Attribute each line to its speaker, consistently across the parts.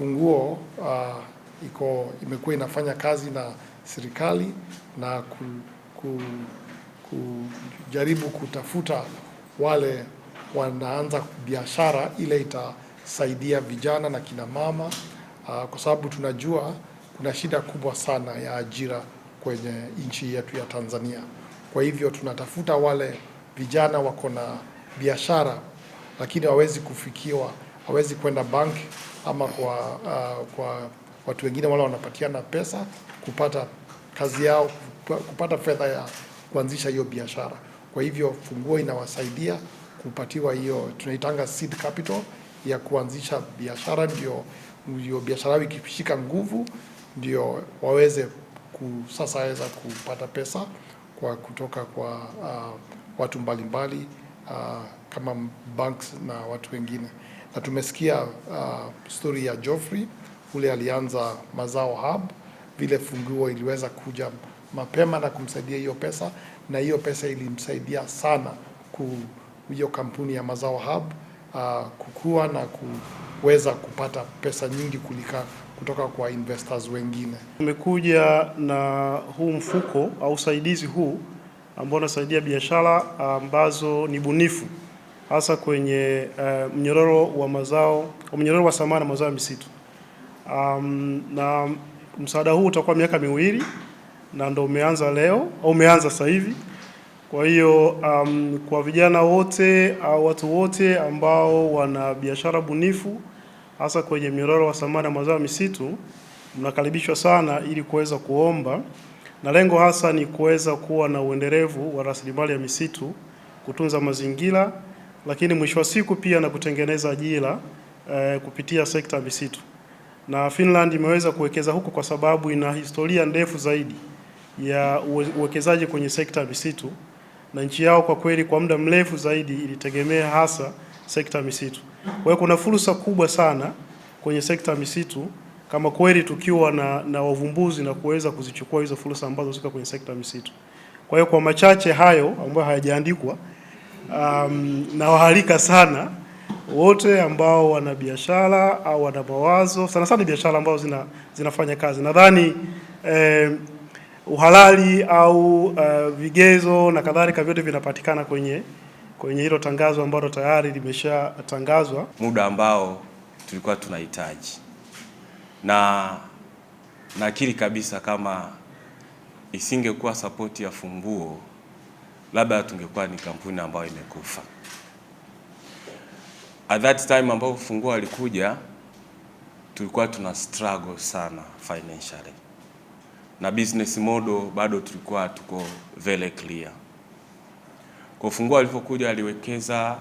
Speaker 1: Funguo uh, iko imekuwa inafanya kazi na serikali na ku, ku, kujaribu kutafuta wale wanaanza biashara ile itasaidia vijana na kina mama uh, kwa sababu tunajua kuna shida kubwa sana ya ajira kwenye nchi yetu ya Tanzania. Kwa hivyo tunatafuta wale vijana wako na biashara lakini hawawezi kufikiwa hawezi kwenda bank ama kwa, uh, kwa watu wengine wale wanapatiana pesa kupata kazi yao, kupata fedha ya kuanzisha hiyo biashara. Kwa hivyo funguo inawasaidia kupatiwa hiyo tunaitanga seed capital ya kuanzisha biashara, ndio hiyo biashara yao ikishika nguvu ndio waweze sasa weza kupata pesa kwa kutoka kwa uh, watu mbalimbali mbali uh, kama banks na watu wengine, na tumesikia uh, story ya Geoffrey ule alianza Mazao Hub, vile funguo iliweza kuja mapema na kumsaidia hiyo pesa, na hiyo pesa ilimsaidia sana ku hiyo kampuni ya Mazao Hub uh, kukua na kuweza kupata pesa nyingi kulika kutoka kwa investors wengine.
Speaker 2: Tumekuja na huu mfuko au usaidizi huu ambao unasaidia biashara ambazo ni bunifu hasa kwenye uh, mnyororo wa mazao mnyororo wa samana mazao ya misitu. Um, na msaada huu utakuwa miaka miwili na ndo umeanza leo au umeanza sasa hivi. Kwa hiyo um, kwa vijana wote au watu wote ambao wana biashara bunifu hasa kwenye mnyororo wa samana mazao ya misitu mnakaribishwa sana ili kuweza kuomba na lengo hasa ni kuweza kuwa na uendelevu wa rasilimali ya misitu, kutunza mazingira, lakini mwisho wa siku pia na kutengeneza ajira eh, kupitia sekta ya misitu. Na Finland imeweza kuwekeza huko kwa sababu ina historia ndefu zaidi ya uwekezaji kwenye sekta ya misitu, na nchi yao kwa kweli kwa muda mrefu zaidi ilitegemea hasa sekta ya misitu. Kwa hiyo kuna fursa kubwa sana kwenye sekta ya misitu kama kweli tukiwa na, na wavumbuzi na kuweza kuzichukua hizo fursa ambazo ziko kwenye sekta ya misitu. Kwa hiyo kwa machache hayo ambayo hayajaandikwa, um, nawaalika sana wote ambao wana biashara au wana mawazo sana sana biashara ambazo zina, zinafanya kazi. Nadhani eh, uhalali au uh, vigezo na kadhalika vyote vinapatikana kwenye kwenye hilo tangazo ambalo tayari limeshatangazwa
Speaker 3: muda ambao tulikuwa tunahitaji na nakiri kabisa, kama isingekuwa sapoti ya funguo labda tungekuwa ni kampuni ambayo imekufa. At that time ambapo funguo alikuja, tulikuwa tuna struggle sana financially na business model bado tulikuwa tuko very clear. Kwa Funguo alipokuja, aliwekeza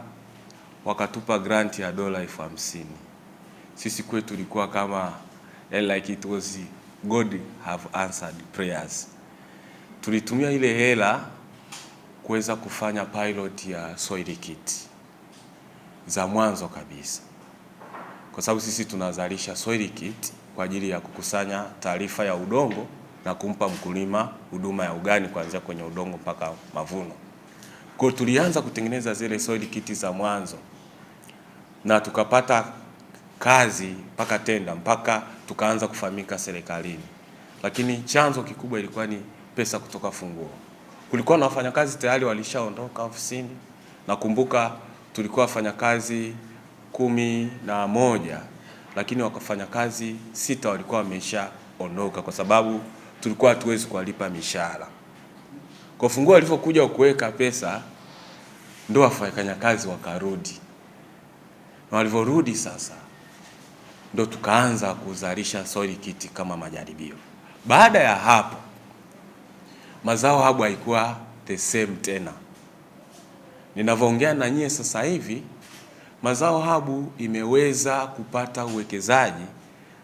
Speaker 3: wakatupa grant ya dola elfu hamsini. Sisi kwetu tulikuwa kama and like it was God have answered prayers. Tulitumia ile hela kuweza kufanya pilot ya soil kit za mwanzo kabisa, kwa sababu sisi tunazalisha soil kit kwa ajili ya kukusanya taarifa ya udongo na kumpa mkulima huduma ya ugani kuanzia kwenye udongo mpaka mavuno. Kwa tulianza kutengeneza zile soil kit za mwanzo na tukapata kazi mpaka tenda mpaka tukaanza kufahamika serikalini, lakini chanzo kikubwa ilikuwa ni pesa kutoka Funguo. Kulikuwa na wafanyakazi tayari walishaondoka ofisini. Nakumbuka tulikuwa wafanyakazi kumi na moja lakini wafanyakazi sita walikuwa wameshaondoka kwa sababu tulikuwa hatuwezi kuwalipa mishahara. Kwa Funguo walivyokuja kuweka pesa ndio wafanyakazi wakarudi, na walivyorudi sasa ndo tukaanza kuzalisha soil kit kama majaribio. Baada ya hapo, mazao habu haikuwa the same tena. Ninavyoongea na nyie sasa hivi, mazao habu imeweza kupata uwekezaji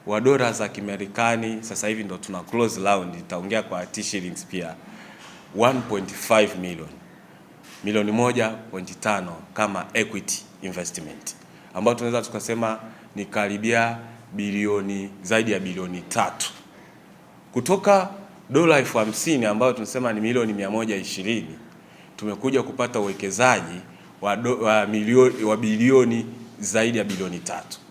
Speaker 3: wa dola za Kimarekani. Sasa hivi ndo tuna close round, nitaongea kwa T shillings pia 1.5 million milioni 1.5 kama equity investment ambayo tunaweza tukasema ni karibia bilioni zaidi ya bilioni tatu kutoka dola elfu hamsini ambayo tunasema ni milioni 120 tumekuja kupata uwekezaji wa, wa, milioni, wa bilioni zaidi ya bilioni tatu.